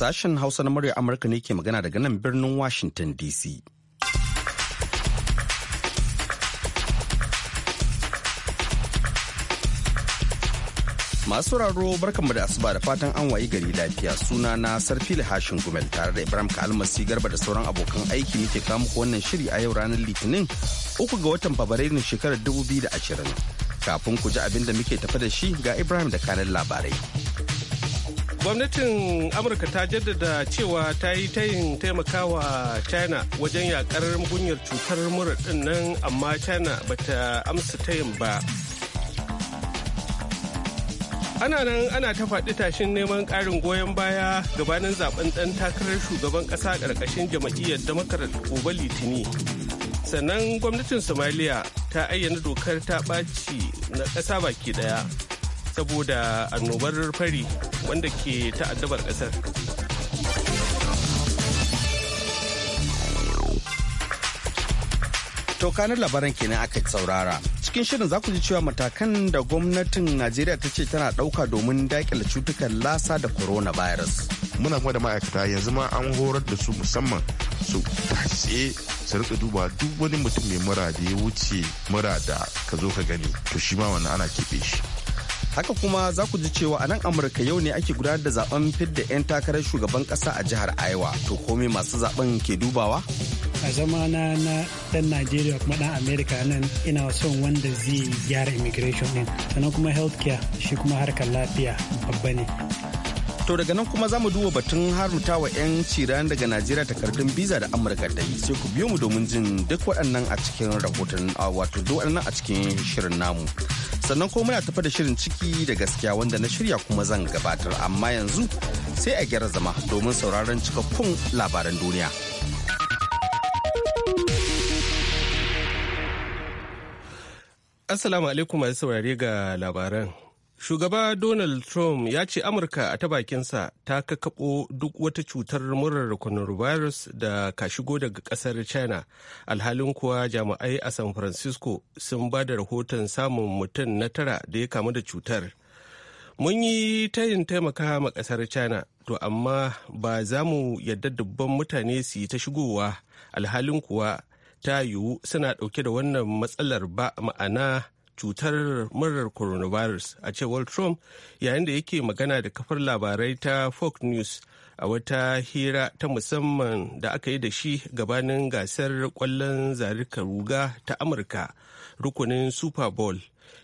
Sashen Hausa na murya Amurka ne ke magana daga nan birnin Washington DC. Masu raro barkanmu da asuba da fatan an wayi gari lafiya suna na Sarfili Hashin Gumel tare da Ibrahim Kalmasi Garba da sauran abokan aiki muke kawo muku wannan shiri a yau ranar Litinin uku ga watan Fabrairun shekarar 2020. Kafin ku ji abin da muke tafa da shi ga Ibrahim da kanin labarai. gwamnatin amurka ta jaddada cewa ta yi tayin taimakawa china wajen yakar gunyar cutar mura nan amma china bata amsa tayin ba ana nan ana ta faɗi tashin neman ƙarin goyon baya gabanin zaben ɗan takarar shugaban ƙasa ƙarƙashin jama'iyyar damakar gobe litini sannan gwamnatin somaliya ta ayyana dokar ta ɓaci na ƙasa baki ɗaya saboda annobar fari wanda ke ta'addabar ƙasar. tokanin labaran kenan aka saurara cikin shirin za ku ji cewa matakan da gwamnatin najeriya ta ce tana ɗauka domin daƙile cutukan lasa da coronavirus muna kuma da ma'aikata yanzu ma an horar da su musamman su tashe su rika duba duk wani mutum mai mura da ya wuce mura da ka zo ka gani to shi ma wannan ana keɓe shi haka kuma za ku ji cewa a nan amurka yau ne ake gudanar da zaben fidda 'yan takarar shugaban kasa a jihar iowa to komai masu zaben ke dubawa a zamana na dan najeriya kuma dan Amerika nan ina son wanda zai gyara immigration din sannan kuma healthcare shi kuma harkar lafiya babba ne To daga nan kuma za mu duba batun harmutawa 'yan ciran daga Najeriya takardun biza da Amurka ta yi sai ku biyo mu domin jin duk waɗannan a cikin rahoton wato duk waɗannan a cikin shirin namu. Sannan ko muna tafa da shirin ciki da gaskiya wanda na shirya kuma zan gabatar amma yanzu sai a gyara zama domin sauraron cikakkun labaran duniya. Assalamu alaikum masu saurare ga labaran. Shugaba Donald Trump ya ce Amurka a ta bakinsa ta kakaɓo duk wata cutar murar coronavirus da ka shigo daga ƙasar China. Alhalin kuwa jami'ai a San Francisco sun ba da rahoton samun mutum na tara da ya kamu da cutar. Mun yi tayin taimaka ma ƙasar China, to amma ba za mu yadda dubban mutane su yi ta shigowa alhalin kuwa ta yiwu suna ɗauke da wannan matsalar ba ma'ana cutar murar coronavirus a cewar trump yayin da yake magana da kafar labarai ta fox news a wata hira ta musamman da aka yi da shi gabanin gasar kwallon zarika ruga ta amurka rukunin super bowl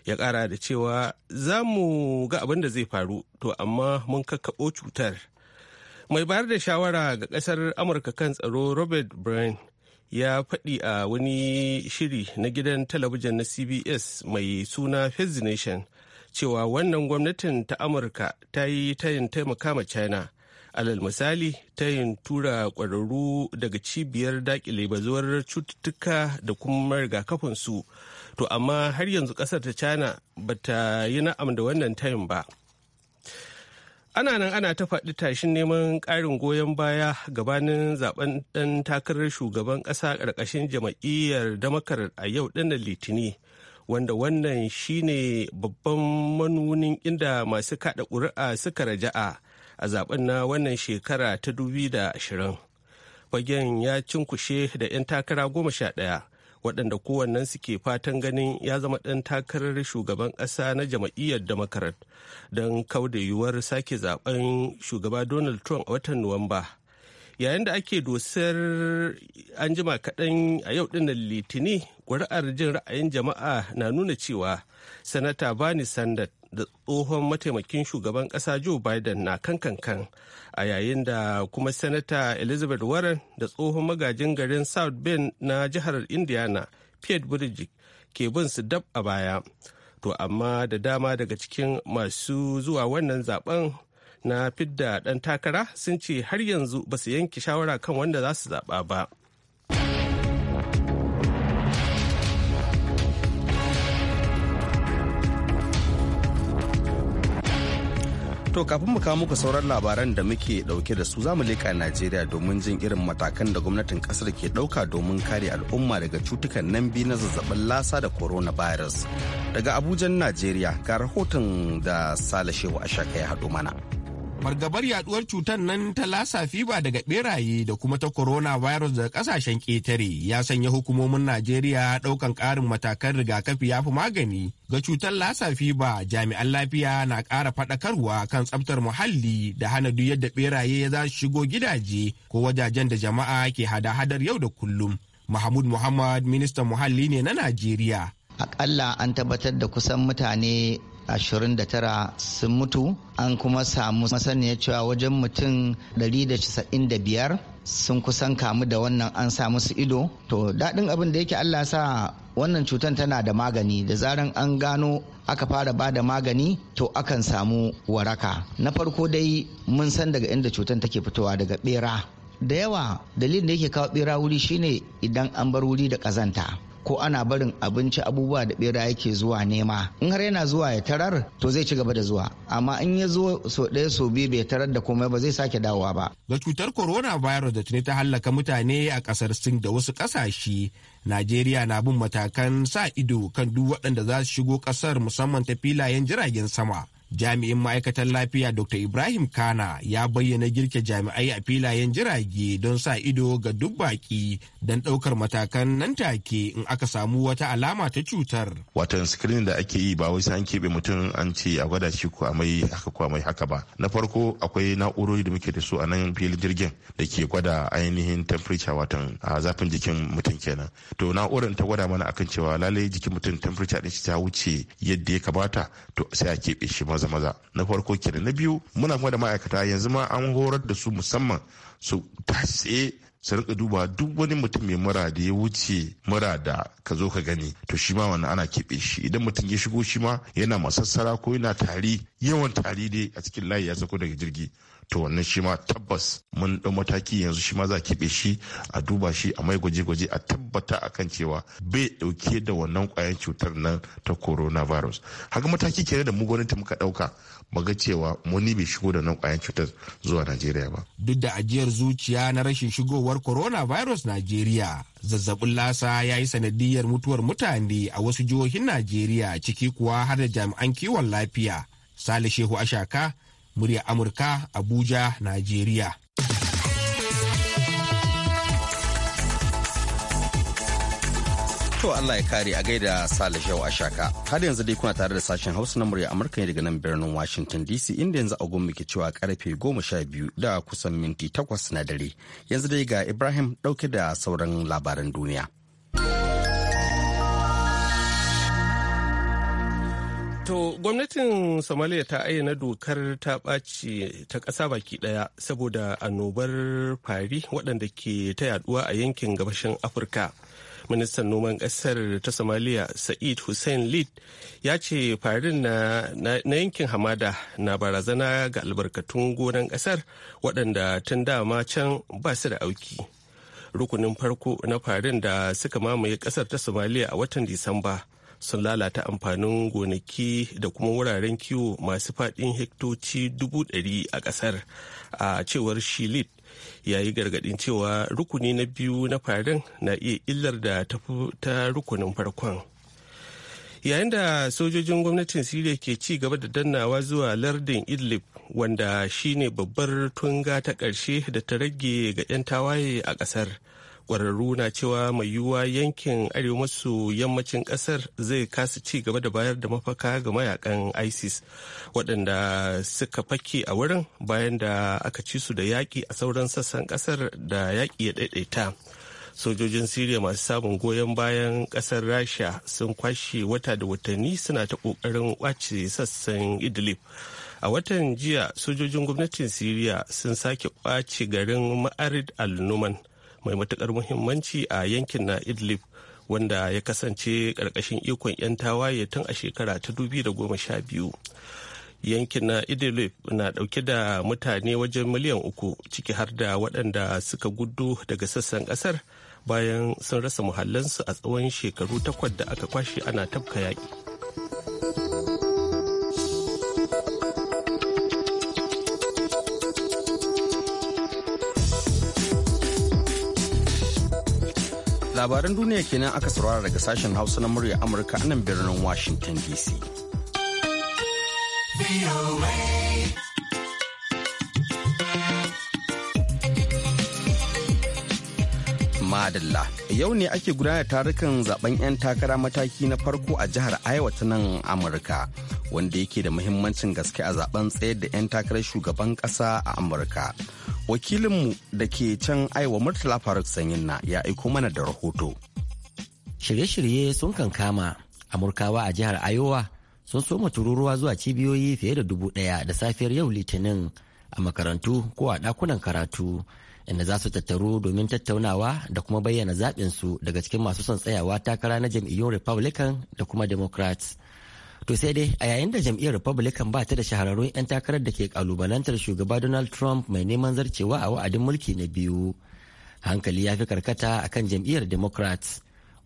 ya kara da cewa za mu ga abin da zai faru to amma mun kakkaɓo cutar mai bayar da shawara ga kasar amurka kan tsaro robert bryan ya faɗi a wani shiri na gidan talabijin na cbs mai suna Fizz nation cewa wannan gwamnatin ta amurka ta yi tayin taimaka ma china alal misali tayin tura ƙwararru daga cibiyar daƙile bazuwar cututtuka da kuma rigakafinsu to amma har yanzu ƙasar ta china ba ta yi na'am da wannan tayin ba ana nan ana ta faɗi tashin neman ƙarin goyon baya gabanin zaben ɗan takarar shugaban ƙasa ƙarƙashin jama'iyyar damakar a yau ɗin litini wanda wannan shine babban manunin inda masu kaɗa ƙuri'a suka raja'a a zaben na wannan shekara ta 2020 fagen ya cinkushe da 'yan takara goma sha ɗaya waɗanda kowannen suke fatan ganin ya zama ɗan takarar shugaban ƙasa na jam'iyyar democrat don kauda yiwuwar sake zaben shugaba donald trump a watan nuwamba yayin da ake dosar an jima kaɗan a yau ɗinnan litini ƙuri'ar jin ra'ayin jama'a na nuna cewa sanata bani sandat da tsohon mataimakin shugaban ƙasa joe biden na kan kankan a yayin da kuma senator elizabeth warren da tsohon magajin garin south bend na jihar indiana pete buttigieg ke bin su dab a baya to amma da dama daga cikin masu zuwa wannan zaben na fidda dan takara sun ce har yanzu ba su yanke shawara kan wanda za su zaba ba. To kafin mu kawo muku sauran labaran da muke dauke da su zamu leka Najeriya domin jin irin matakan da gwamnatin kasar ke dauka domin kare al'umma daga cutukan nan biyu na zazzabin lasa da corona coronavirus. Daga Abuja Najeriya ga rahoton da Sale Shehu Ashaka ya hadu mana. fargabar yaduwar cutar nan ta lasa fiba daga beraye da kuma ta corona coronavirus daga kasashen ƙetare ya sanya hukumomin najeriya ɗaukan ƙarin matakan rigakafi ya fi magani ga cutar lasa fiba jami'an lafiya na ƙara faɗakarwa kan tsaftar muhalli da hana duk yadda beraye ya za shigo gidaje ko wajajen da jama'a ke hada-hadar yau da kullum mahmud muhammad ministan muhalli ne na najeriya akalla an tabbatar da kusan mutane 29 sun mutu an kuma samu masaniya cewa wajen mutum 195 sun kusan kamu da wannan an sa musu ido to daɗin abin da yake allah sa wannan cutar tana da magani da zaran an gano aka fara ba da magani to akan samu waraka na farko dai mun san daga inda cutar take fitowa daga bera da yawa dalilin da yake kawo bera wuri shine idan an bar wuri da ƙazanta ko ana barin abinci abubuwa da bera yake zuwa nema in har yana zuwa ya tarar to zai ci gaba da zuwa amma in ya zo so ɗaya so biyu bai tarar da komai ba zai sake dawowa ba ga cutar corona virus da tuni ta hallaka mutane a ƙasar sin da wasu ƙasashe, najeriya na bin matakan sa ido kan duk waɗanda za su shigo ƙasar musamman ta filayen jiragen sama jami'in ma'aikatan lafiya dr ibrahim kana ya bayyana girke jami'ai a filayen jirage don sa ido ga duk baki don ɗaukar matakan nan take in aka samu wata alama ta cutar watan screening da ake yi ba wai sai an keɓe mutum an ce a gwada shi ko amai haka ko amai haka ba na farko akwai na'urori da muke da su a nan filin jirgin da ke gwada ainihin temperature watan a zafin jikin mutum kenan to na'urar ta gwada mana akan cewa lalai jikin mutum temperature din shi ta wuce yadda ya kamata to sai a keɓe shi ba maza maza na farko kenan na biyu muna kuma da ma'aikata yanzu ma an horar da su musamman su tsaye su rika duba duk wani mutum mai mura da ya wuce mura da ka zo ka gani to shi ma wannan ana keɓe shi idan mutum ya shigo shi ma yana masassara ko yana tari yawan tari dai a cikin layi ya sako daga jirgi to wannan shi ma tabbas mun ɗau mataki yanzu shi ma za a keɓe shi a duba shi a mai gwaje-gwaje a tabbata a kan cewa bai ɗauke da wannan ƙwayar cutar nan ta coronavirus har mataki kenan da mu gwamnati muka ɗauka muga cewa muni bai shigo da nan ƙwayar cutar zuwa najeriya ba duk da ajiyar zuciya na rashin shigowar coronavirus najeriya zazzabin lasa ya yi sanadiyar mutuwar mutane a wasu jihohin najeriya ciki kuwa har da jami'an kiwon lafiya sale shehu ashaka murya Amurka Abuja, Najeriya. To Allah ya kare a gaida Sale a shaka. Har yanzu dai kuna tare da sashen Hausa na murya Amurka daga nan birnin Washington DC inda yanzu agun muke cewa karfe goma da kusan minti takwas na dare. Yanzu dai ga Ibrahim dauke da sauran labaran duniya. To gwamnatin Somalia ta ayyana dokar ta ɓaci ta ƙasa baki ɗaya saboda annobar fari waɗanda ke ta yaduwa a yankin gabashin Afirka. Ministan noman ƙasar ta Somalia Sa'id Hussein Lid ya ce farin na, yankin hamada na barazana ga albarkatun gonan ƙasar waɗanda tun dama can ba su da auki. Rukunin farko na farin da suka mamaye ƙasar ta Somalia a watan Disamba. sun lalata amfanin gonaki da kuma wuraren kiwo masu faɗin hektoci dubu ɗari a ƙasar a cewar shilit ya yi gargaɗin cewa rukuni na biyu na farin na iya illar da ta rukunin farkon yayin da sojojin gwamnatin siriya ke ci gaba da dannawa zuwa lardin idlib wanda shine babbar tunga ta ƙarshe da ta rage ga 'yan tawaye a ƙasar kwararru na cewa mai yiwuwa yankin arewa maso yammacin kasar zai kasa ci gaba da bayar da mafaka ga mayakan isis waɗanda suka fake a wurin bayan da aka ci su da yaƙi a sauran sassan kasar da yaƙi ya ɗaiɗaita sojojin siriya masu samun goyon bayan kasar rasha sun kwashe wata da watanni suna ta kokarin kwace sassan idlib a watan jiya sojojin gwamnatin siriya sun sake kwace garin ma'arid al-numan mai matukar muhimmanci a yankin na idlib wanda ya kasance karkashin ikon 'yan tawaye tun a shekara ta 2012 yankin na idlib na dauke da mutane wajen miliyan uku ciki har da waɗanda suka gudu daga sassan ƙasar bayan sun rasa muhallansu a tsawon shekaru takwas da aka kwashe ana tafka yaƙi. labaran duniya kenan aka saurara daga sashen hausa na murya amurka a nan birnin washington dc madalla yau ne ake gudanar tarukan zaben 'yan takara mataki na farko a jihar iowa ta nan amurka wanda yake da muhimmancin gaske a zaben tsayar da 'yan takarar shugaban kasa a amurka wakilinmu da ke can aiwa murtala faruk sanyin na ya aiko mana da rahoto shirye-shirye sun kankama amurkawa a jihar ayowa sun soma tururuwa zuwa cibiyoyi fiye da dubu daya da safiyar yau litinin a makarantu ko a dakunan karatu inda za su tattaru domin tattaunawa da kuma bayyana zaɓinsu daga cikin masu son tsayawa takara na jam'iyyun republican da kuma democrats To sai dai a yayin da jam'iyyar Republican ba ta da shahararrun 'yan takarar da ke kalubalantar shugaba Donald Trump mai neman zarcewa a wa'adin mulki na biyu. Hankali ya fi karkata a kan jam'iyyar Democrats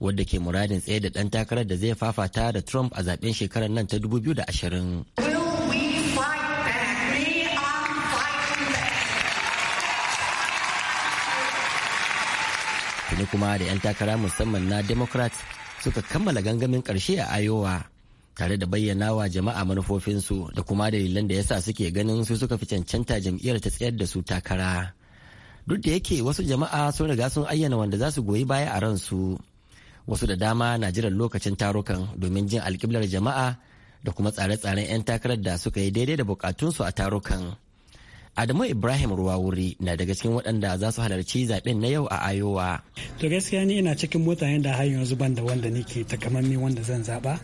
wadda ke muradin tsaye da ɗan takarar da zai fafata da Trump a zaben shekarar nan ta 2020. Tuni kuma da 'yan takara musamman na Democrats suka kammala gangamin karshe a Iowa. tare da bayyana wa jama'a manufofinsu da kuma dalilan da yasa suke ganin su suka fi cancanta jam'iyyar ta tsayar da su takara duk da yake wasu jama'a sun riga sun ayyana wanda za su goyi baya a ransu wasu da dama na jiran lokacin tarukan domin jin alkiblar jama'a da kuma tsare-tsaren 'yan takarar da suka yi daidai da bukatunsu a tarukan. Adamu Ibrahim Ruwawuri na daga cikin waɗanda za su halarci zaɓen na yau a Ayowa. To gaskiya ni ina cikin mutane da har yanzu ban da wanda nake takamammi wanda zan zaɓa.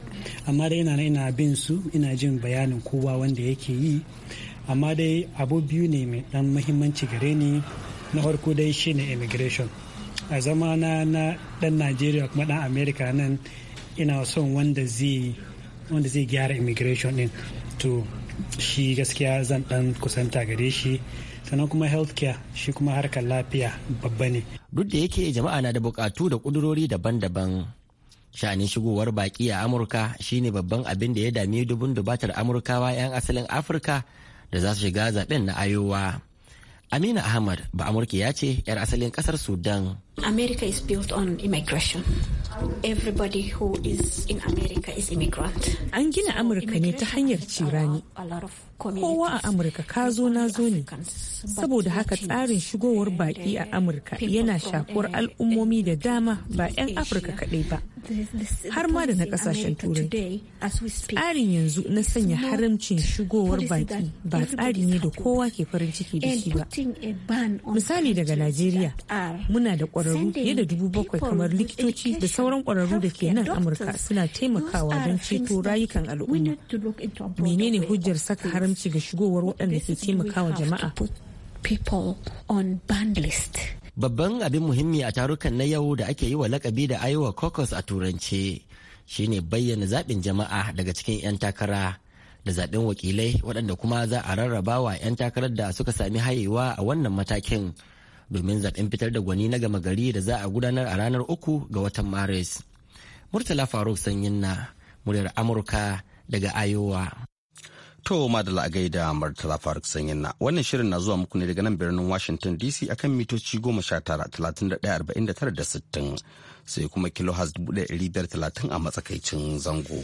Amma dai ina ina bin su ina jin bayanin kowa wanda yake yi. Amma dai abu biyu ne mai ɗan muhimmanci gare ni na farko dai shine immigration. A zama na na ɗan Najeriya kuma ɗan Amerika nan ina son wanda zai wanda zai gyara immigration ɗin. To shi gaskiya zan dan kusanta gare shi sannan kuma healthcare shi kuma harkar lafiya babba ne duk da yake jama'a na da bukatu da kudurori daban-daban sha'anin shigowar baki a amurka shine babban abin da ya dami dubun dubatar amurkawa 'yan asalin afirka da za su shiga zaben na ayowa amina ahmad ba amurka ya ce 'yar asalin kasar sudan america is built on immigration is in America is An gina Amurka ne ta hanyar cirani. kowa a amurka ka zo na zo ne saboda haka tsarin shigowar baki a amurka yana shakuwar al'ummomi da dama ba 'yan afirka kadai ba har ma da na kasashen turai tsarin yanzu na sanya haramcin shigowar baki ba tsari ne da kowa ke farin ciki da shi ba misali daga najeriya muna da kwararru fiye da dubu bakwai kamar likitoci da sauran kwararru da ke nan amurka suna taimakawa don ceto rayukan al'umma menene hujjar saka haramci ga shigowar waɗanda ke taimakawa jama'a. Babban abin muhimmi a tarukan na yau da ake yi wa lakabi da Iowa caucus a turance shine bayyana zaɓin jama'a daga cikin 'yan takara da zaɓen wakilai waɗanda kuma za a rarraba wa 'yan takarar da suka sami hayewa a wannan matakin domin zaɓen fitar da gwani na gama gari da za a gudanar a ranar uku ga watan Maris. Murtala Faruk Sanyin na muryar Amurka daga Iowa. To da a gaida martala Faruk Sanyin na wannan shirin na zuwa muku ne daga nan birnin Washington DC akan mitoci goma sha tara talatin da ɗaya arba'in da tara da sittin sai kuma kilohaz dubu ɗaya ɗari biyar talatin a matsakaicin zango.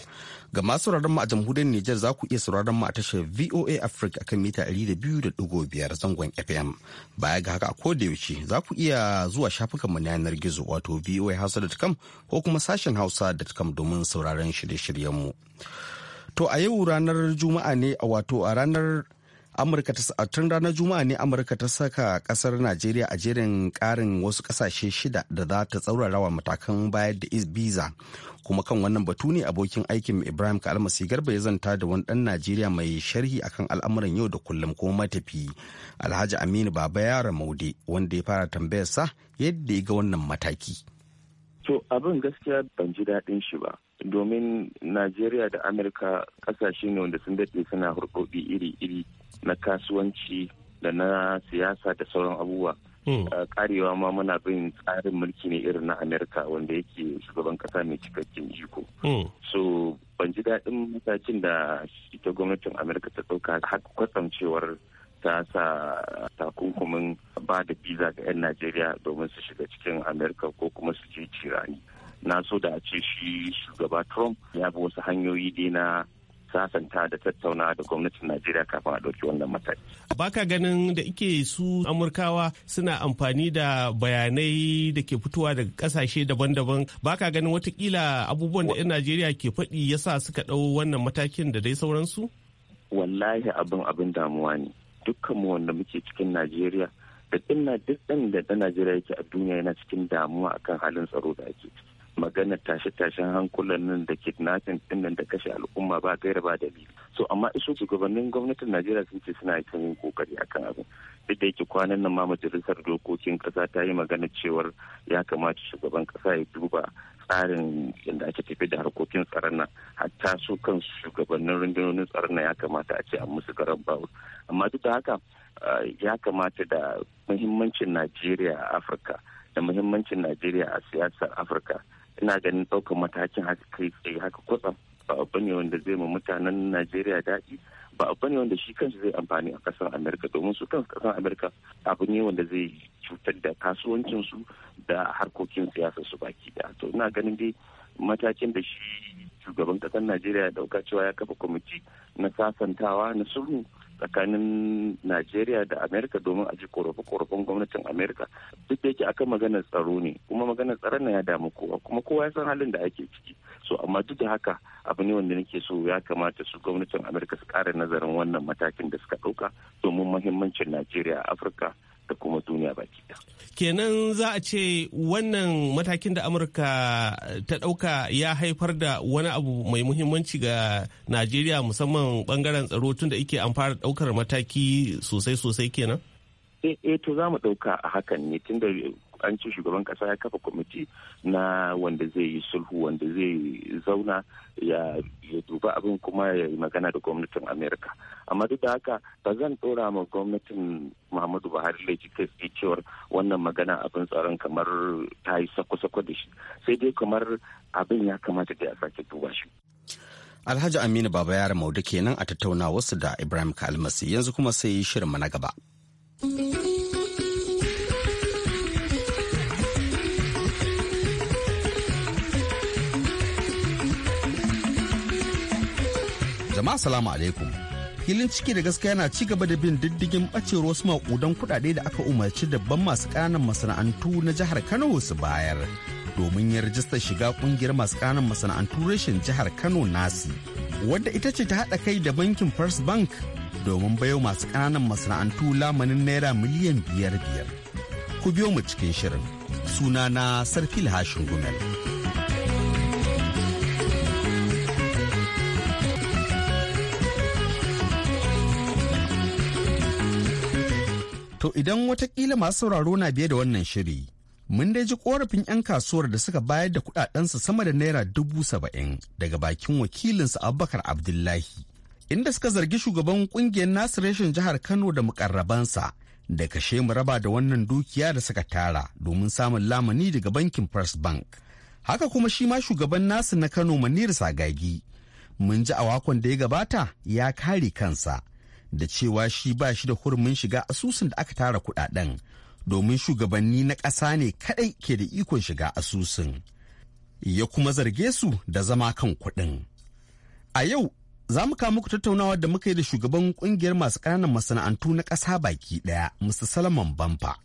Ga masu sauraron mu a jamhuriyar Nijar za ku iya sauraron mu a tashar VOA Africa akan mita ɗari da biyu da ɗigo biyar zangon FM. Baya ga haka a koda yaushe za ku iya zuwa shafukan mu na yanar gizo wato voahausa.com ko kuma sashen hausa.com domin sauraron shirye-shiryen mu. To a yau ranar Juma'a ne a wato a ranar Amurka ta tun ranar Juma'a ne Amurka ta saka kasar Najeriya a jerin karin wasu kasashe shida da za ta tsaurarawa matakan bayar da visa kuma kan wannan batu ne abokin aikin Ibrahim Kalmasi Garba ya zanta da wani dan Najeriya mai sharhi akan al'amuran yau da kullum kuma matafi Alhaji Aminu Baba Yara Maude wanda ya fara tambayar sa yadda ya ga wannan mataki. To abin gaskiya ban ji daɗin shi ba. domin najeriya da amurka kasashe ne wanda sun daɗe suna hurɗoɗi iri-iri na kasuwanci da na siyasa da sauran abubuwa karewa hmm. ma muna bin tsarin mulki ne irin na amurka wanda yake shugaban kasa mai cikakken iko hmm. so ban ji daɗin matakin da ita gwamnatin amurka ta ɗauka haka kwatamcewar ta sa takunkumin ba da biza ga 'yan najeriya domin su shiga cikin amurka ko kuma su je cirani na so da a ce shi shugaba trump ya bi wasu hanyoyi dai na sasanta da tattauna da gwamnatin Najeriya kafin a ɗauki wannan mataki. Baka ganin da ike su Amurkawa suna amfani da bayanai da ke fitowa daga kasashe daban-daban. Baka ganin watakila abubuwan da 'yan Najeriya ke faɗi ya sa suka ɗau wannan matakin da dai sauransu? Wallahi abin abin damuwa ne. Dukkan mu wanda muke cikin Najeriya da duk ɗan da Najeriya yake a duniya yana cikin damuwa akan halin tsaro da ake ciki. magana tashe-tashen hankulan nan da kidnapping din nan da kashe al'umma ba gaira ba dalili so amma isu shugabannin gwamnatin najeriya sun ce suna yi yin kokari akan abin duk da yake kwanan nan ma majalisar dokokin kasa ta yi magana cewar ya kamata shugaban kasa ya duba tsarin yadda ake tafi da harkokin tsaron nan hatta su kan shugabannin rundunonin tsaron nan ya kamata a ce an musu garan bawul amma duk da haka eh, ya kamata da muhimmancin najeriya a afirka da muhimmancin najeriya a siyasar afirka ina ganin ɗaukar matakin haka kai tsaye haka kwatsam ba abu ne wanda zai ma mutanen najeriya daɗi ba abu ne wanda shi kansa zai amfani a kasar amerika domin su kansu kasar amerika abu ne wanda zai cutar da kasuwancinsu da harkokin su baki da to ina ganin dai matakin da shi shugaban ƙasar najeriya ya dauka cewa ya kafa kwamiti na sasantawa na sulhu tsakanin najeriya da amerika domin a ji korafe-korafen gwamnatin amerika duk da yake aka magana tsaro ne kuma magana tsaron na ya damu kowa kuma kowa ya san halin da ake ciki so amma duk da haka abu ne wanda nake so ya kamata su gwamnatin amerika su kara nazarin wannan matakin da suka ɗauka domin mahimmancin najeriya a afirka da kuma duniya baki kenan za a ce wannan matakin da amurka ta ɗauka ya haifar da wani abu mai muhimmanci ga najeriya musamman ɓangaren tsaro tun da ike an fara ɗaukar mataki sosai-sosai kenan? e to za mu ɗauka a hakan ne tun da an ce shugaban kasa ya kafa kwamiti na wanda zai yi sulhu wanda zai zauna ya duba abin kuma ya yi magana da gwamnatin amerika amma duk da haka ba zan dora ma gwamnatin muhammadu buhari laifi kai cewar wannan magana abin tsaron kamar ta yi sako-sako da shi sai dai kamar abin ya kamata da ya sake duba shi Alhaji Aminu Baba Yara Maudu kenan a tattauna wasu da Ibrahim Kalmasi yanzu kuma sai yi shirinmu na gaba. jama'a salamu alaikum filin ciki da gaskiya yana ci gaba da bin diddigin bacewar wasu maƙudan kuɗaɗe da aka umarci dabban masu ƙananan masana'antu na jihar kano su bayar domin ya rajistar shiga ƙungiyar masu ƙananan masana'antu reshen jihar kano nasi wadda ita ce ta haɗa kai da bankin first bank domin bayo masu ƙananan masana'antu lamanin naira miliyan biyar biyar ku biyo mu cikin shirin sunana sarfil hashin gumel. To idan watakila masu sauraro na biye da wannan shiri, mun dai ji korafin 'yan kasuwar da suka bayar da kudadensu sama da naira dubu saba'in daga bakin wakilinsu abubakar abdullahi inda suka zargi shugaban kungiyar nasu reshen jihar kano da mukarrabansa da kashe mu raba da wannan dukiya da suka tara domin samun lamani daga bankin first bank haka kuma shi ma shugaban nasu na kano manir sagagi mun ji a wakon da ya gabata ya kare kansa da cewa shi ba shi da hurumin shiga asusun da aka tara kudaden domin shugabanni na ƙasa ne kaɗai ke da ikon shiga asusun ya kuma zarge su da zama kan kuɗin. A yau za mu muku tattaunawa da muka yi da shugaban kungiyar masu ƙananan masana'antu na ƙasa baki ɗaya, Mr. Salman Bamfa.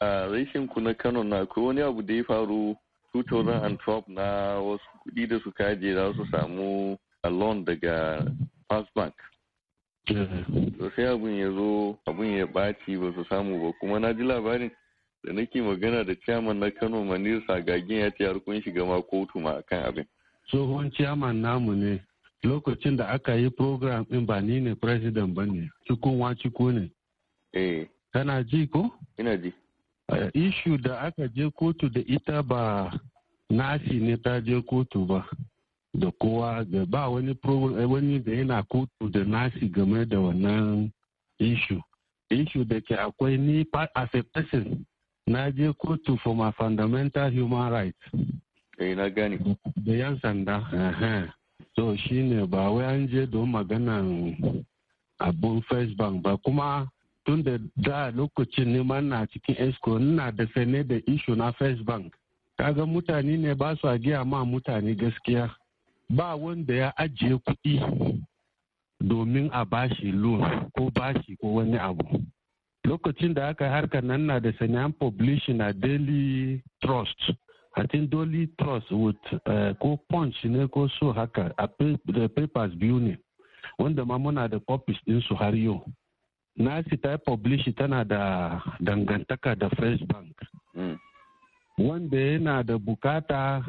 A reshen ku na Kano na akwai wani abu da ya faru 2012 na wasu kuɗi da su kaje za su samu a loan daga First Bank. to sai abin ya zo abin ya ɓaci ba su samu ba kuma na ji labarin da nake magana da ciyaman na kano manir sagagen ya ce har shiga ma kotu ma akan abin tsohon ciyaman namu ne lokacin da aka yi program din ba ni ne president ba ne cikin waciko ne eh kana ji ko ina ji issue da aka je kotu da ita ba nasi ne ta je kotu ba da kowa da ba wani wani da yana kotu da nashi game da wannan ishu ishu da ke akwai ni as a person na je kotu for my fundamental human rights eh na gani da yan sanda so shine ba wai an je don magana abun first bank ba kuma tun da da lokacin neman na cikin esco ina da sane da na first bank kaga mutane ne ba su a giya ma mutane gaskiya ba wanda ya ajiye kuɗi domin a bashi loan ko bashi ko wani abu lokacin da aka harka nan na da sanyan publishing a daily trust a cikin daily trust with eh, ko punch ne ko so haka a da papers biyu ne wanda ma muna da copies din su har yau nasi ta publish tana da dangantaka da fresh bank mm. wanda yana da bukata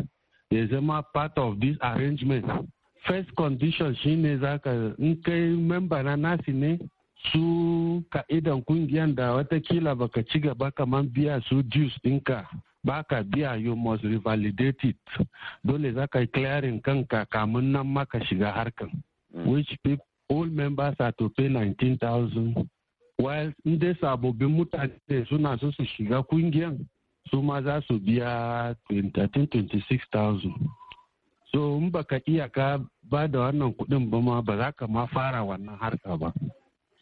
ya e zama part of this arrangement first condition shine za ka kai memba na nasi ne su ka'idan kungiyan da watakila baka ci gaba kamar biya su dues dinka baka biya you must revalidate it dole zaka yi clearing kanka kamun nan maka shiga harkan mm. which people, all members are to pay 19,000 while in dai sababbin mutane suna so su shiga kungiyan su ma za su biya 26,000 so in baka iya ka ba da wannan kudin ba ma ba za ka ma fara wannan harka ba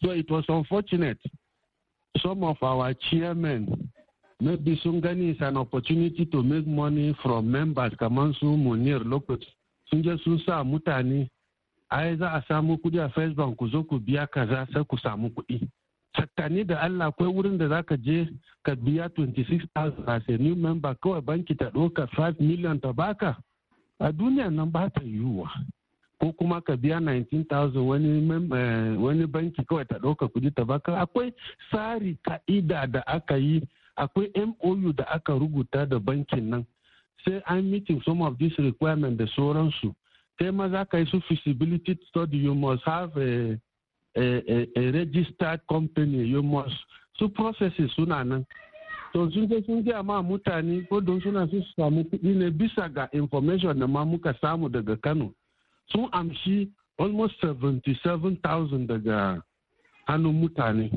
so it was unfortunate some of our chairmen maybe sun gani is an opportunity to make money from members kamar su munir lokaci sun je sun sa mutane ai za a samu kudi a first bank ku zo ku biya kaza sai ku samu kudi tattani da Allah akwai wurin da zaka je ka biya 26,000 as a new member kawai banki ta ɗauka 5 million ta baka a duniya nan ba ta yiwuwa ko kuma ka biya 19,000 wani, eh, wani banki kawai ta ɗauka kudi ta baka akwai tsari ka'ida da aka yi akwai MOU da aka rubuta da bankin nan sai an meeting some of these requirements da sauransu sai ma za ka yi su feasibility study you must have a eh, a, a, a registered company you must su processes suna nan to sun je sun ma mutane ko don suna su samu kuɗi ne bisa ga information da ma muka samu daga kano sun amshi almost 77,000 daga hannun mutane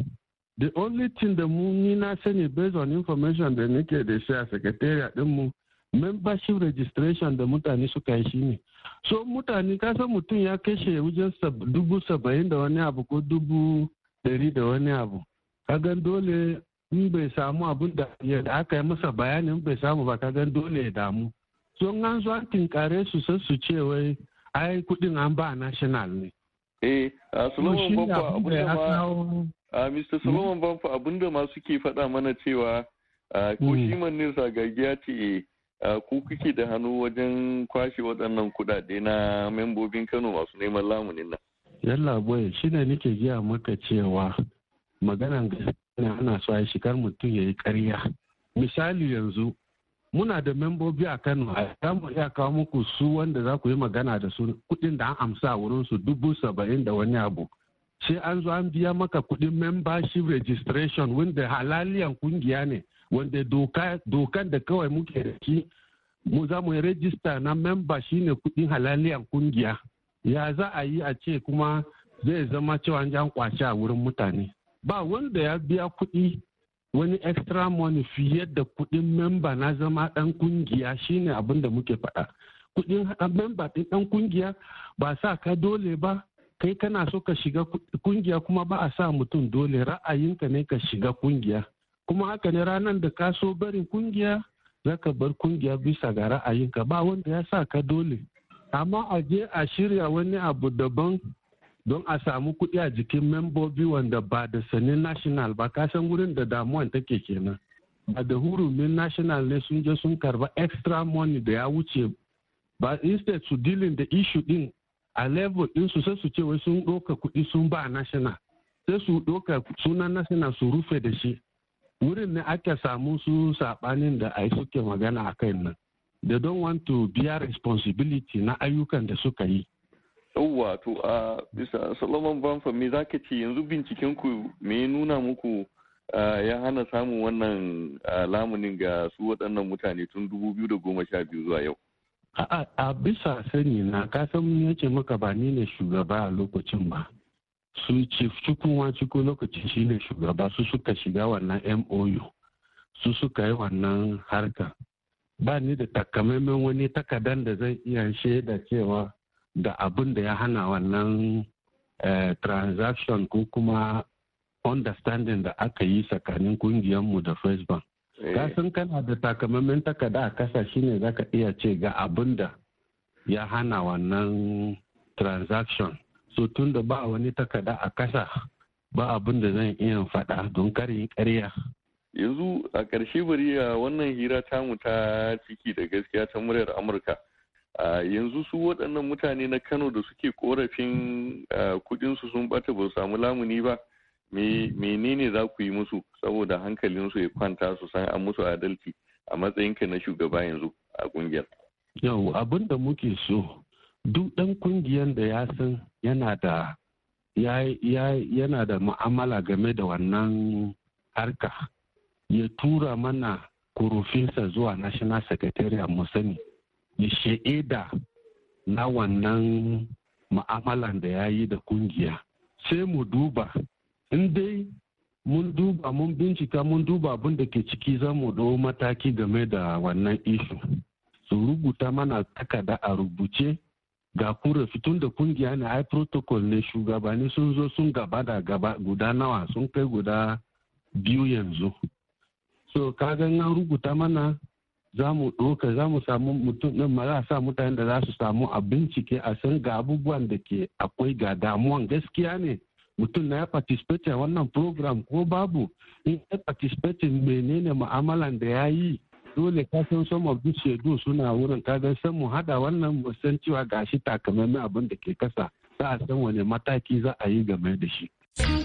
the only thing da mu na sani based on information da nake da shi a secretariat mu membership registration da mutane suka yi shine so mutane kasan mutum ya kashe wajen dubu saba'in da wani abu ko dubu dari da wani abu kagan dole in bai samu abin da aka yi masa bayanin bai samu ba kagan dole ya damu so an zo an tinkare su san su ce wai ai kudin an ba national ne eh solomon bamfa abinda ma mr solomon hmm? bamfa abinda ma suke faɗa mana cewa hmm. ko shi mannin sagagiya ce ku kuke da hannu wajen kwashe waɗannan kuɗaɗe na membobin Kano masu neman lamunin nan. Yalla boy, shi ne nake giya maka cewa maganan gaskiya ana so yi shigar mutum ya yi ƙarya. Misali yanzu muna da membobi a Kano a mu iya kawo muku su wanda za ku yi magana da su kuɗin da an amsa wurin su dubu saba'in da wani abu. Sai an zo an biya maka kuɗin membership registration wanda halaliyan kungiya ne. wanda dokan da kawai muke da shi mu za mu rajista na memba shine kudin halaliyan kungiya ya za a yi a ce kuma zai zama cewa an jan kwace a wurin mutane ba wanda ya biya kudi wani extra money fiye da kudin memba na zama dan kungiya shine abin da muke faɗa kudin memba din dan kungiya ba sa ka dole ba kai kana so ka shiga kungiya kuma ba a sa mutum dole ra'ayinka ne ka shiga kungiya kuma haka ne ranar da ka so barin kungiya za ka bar kungiya bisa ga ra'ayinka ba wanda ya sa ka dole amma a je a shirya wani abu daban don a samu kuɗi a jikin membobi wanda ba da sanin national ba ka san wurin da damuwan take kenan ba da hurumin national ne sun je sun karba extra money da ya wuce ba instead su dealing da issue din a level din su sai su ce wai sun ɗauka kuɗi sun ba national sai su ɗauka sunan national su rufe da shi wurin ne aka samu su sabanin da ai suke magana a kan nan they don't want to bear responsibility na ayyukan da suka yi yauwa to a bisa solomon banfa me za ce yanzu binciken ku me nuna muku ya hana samun wannan lamunin ga su waɗannan mutane tun 2012 zuwa yau a bisa sani na kasan ce maka ba ni ne shugaba a lokacin ba su chief cikin ciku lokacin shine shugaba su suka shiga wannan mou su suka yi wannan harka ba ni da takamaiman wani takadan da zan iya shaida cewa da abin da ya hana wannan eh, transaction ko kuma understanding da aka yi tsakanin kungiyarmu da first bank eh. kasan kana da takamaiman takada a kasa shine zaka iya ce ga abin da ya hana wannan transaction so tun da ba wani takada a kasa ba abin da zan iya faɗa don karin ƙarya yanzu a ƙarshe bari a wannan hira tamu ta ciki da gaskiya ta muryar amurka yanzu su waɗannan mutane na kano da suke korafin kudinsu sun bata ba samu lamuni ba menene za ku yi musu saboda hankalinsu ya kwanta su san an musu adalci a matsayinka na shugaba yanzu a ƙungiyar yau abin da muke so duk ɗan kungiyar da ya san yana da yana da mu'amala game da wannan harka ya tura mana kurufinsa zuwa national secretariat mu sani ya shaida na wannan ma'amalan da ya yi da kungiya sai mu duba in dai mun duba mun bincika mun duba abin da ke ciki za mu ɗau mataki game da wannan ishu su rubuta mana takarda a rubuce ga kura fitun da kungiya na ai protocol ne shugabanni sun zo sun gaba da gaba guda nawa sun kai guda biyu yanzu so gan an rubuta mana za mu ɗauka za mu samu mutum ɗin ma za sa mutanen da za su samu a bincike a san ga abubuwan da ke akwai ga damuwan gaskiya ne mutum na ya participate a wannan program ko babu in ya participate menene mu'amalan da ya yi dole ka san some of this shaidu suna wurin kaga san mu hada wannan mu san cewa gashi takamaiman abin da ke kasa za a san wani mataki za a yi game da shi.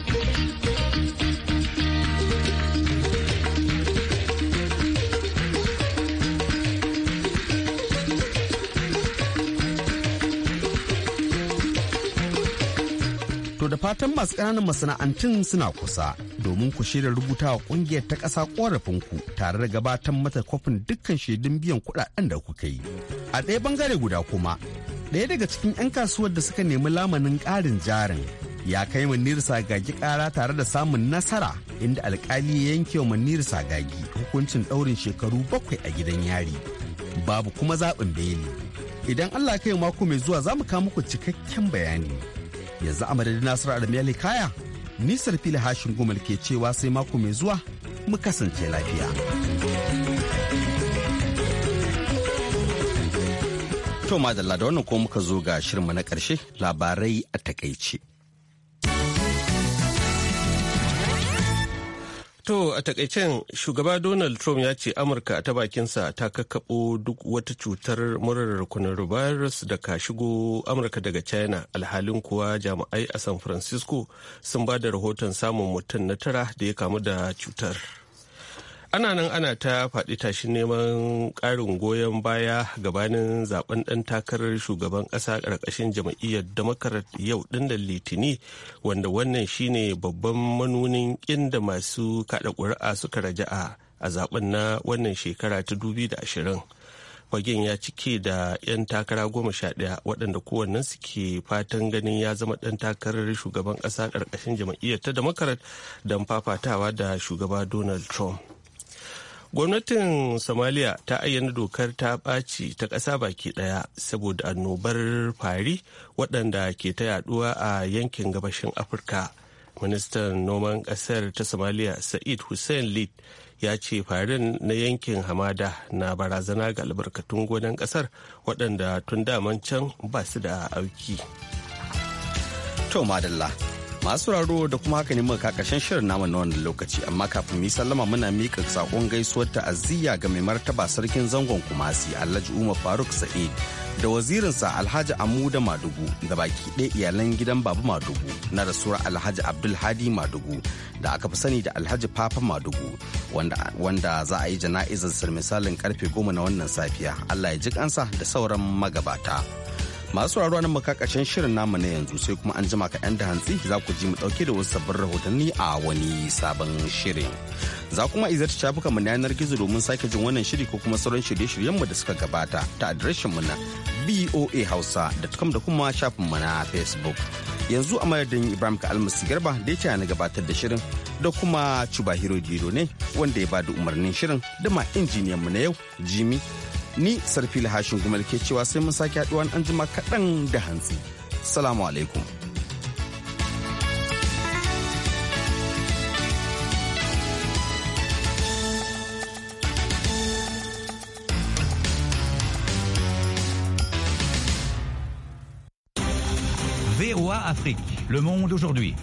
To da fatan masu ƙananan masana'antun suna kusa domin ku shirya rubuta wa ƙungiyar ta ƙasa ƙorafinku tare da gabatar mata kwafin dukkan shaidun biyan kuɗaɗen da kuka yi. A ɗaya ɓangare guda kuma, ɗaya daga cikin 'yan kasuwar da suka nemi lamanin ƙarin jarin ya kai manir sagagi ƙara tare da samun nasara inda alƙali ya yanke wa manir sagagi hukuncin ɗaurin shekaru bakwai a gidan yari babu kuma zaɓin beli idan allah kai mako mai zuwa za mu kawo muku cikakken bayani yanzu a madadin nasiru adamiyali kaya nisar fili hashin gumal ke cewa sai mako mai zuwa mu kasance lafiya to madalla da wannan ko muka zo ga shirinmu na karshe labarai a takaice To a takaicen shugaba Donald Trump ya ce Amurka ta bakinsa ta kakkaɓo duk wata cutar murar coronavirus da ka shigo Amurka daga China alhalin kuwa jami'ai a San Francisco sun ba da rahoton samun mutum na tara da ya kamu da cutar. ana nan ana ta faɗi tashin neman ƙarin goyon baya gabanin zaben ɗan takarar shugaban ƙasa ƙarƙashin jam'iyyar democrat yau ɗin da litini wanda wannan shine babban manunin inda masu kaɗa ƙuri'a suka raja'a a zaben na wannan shekara ta 2020 fagen ya cike da 'yan takara goma sha ɗaya waɗanda kowannen ke fatan ganin ya zama ɗan takarar shugaban ƙasa ƙarƙashin jam'iyyar ta democrat don fafatawa da shugaba donald trump gwamnatin Somalia ta ayyana dokar ta ɓaci ta ƙasa baki ɗaya saboda annobar fari waɗanda ke ta yaɗuwa a yankin gabashin afirka ministan noman ƙasar ta Somalia, sa'id hussein lid ya ce farin na yankin hamada na barazana ga albarkatun gonan ƙasar waɗanda tun daman can ba su da auki. To madalla masu raro da kuma haka ne muka kakashin shirin namu na wannan lokaci amma kafin mu sallama muna mika sakon gaisuwar ta'aziyya ga mai martaba sarkin zangon kumasi Alhaji Umar Faruk Sa'id da wazirinsa Alhaji Amuda Madugu da baki ɗaya iyalan gidan babu Madugu na rasuwar Alhaji Abdul Hadi Madugu da aka fi sani da Alhaji Papa Madugu wanda, wanda za a yi jana'izar misalin karfe goma na wannan safiya Allah ya ji kansa da sauran magabata. masu sauraro nan makakashin shirin namu na yanzu sai kuma an jima ka 'yan da hantsi za ku ji mu dauke da wasu sabbin rahotanni a wani sabon shirin za kuma izar shafukan mu yanar gizo domin sake jin wannan shiri ko kuma sauran shirye-shiryen mu da suka gabata ta adireshin mu na boahausa.com da kuma shafin mu na facebook yanzu a madadin ibrahim ka almasi garba da ya na gabatar da shirin da kuma chubahiro hero ne wanda ya bada umarnin shirin da ma injiniyan mu na yau jimi. ni sarfi hashin kuma ke cewa sai mun sake haɗuwa an jima kaɗan da hantsi salamu alaikum VOA Afrique, le monde aujourd'hui.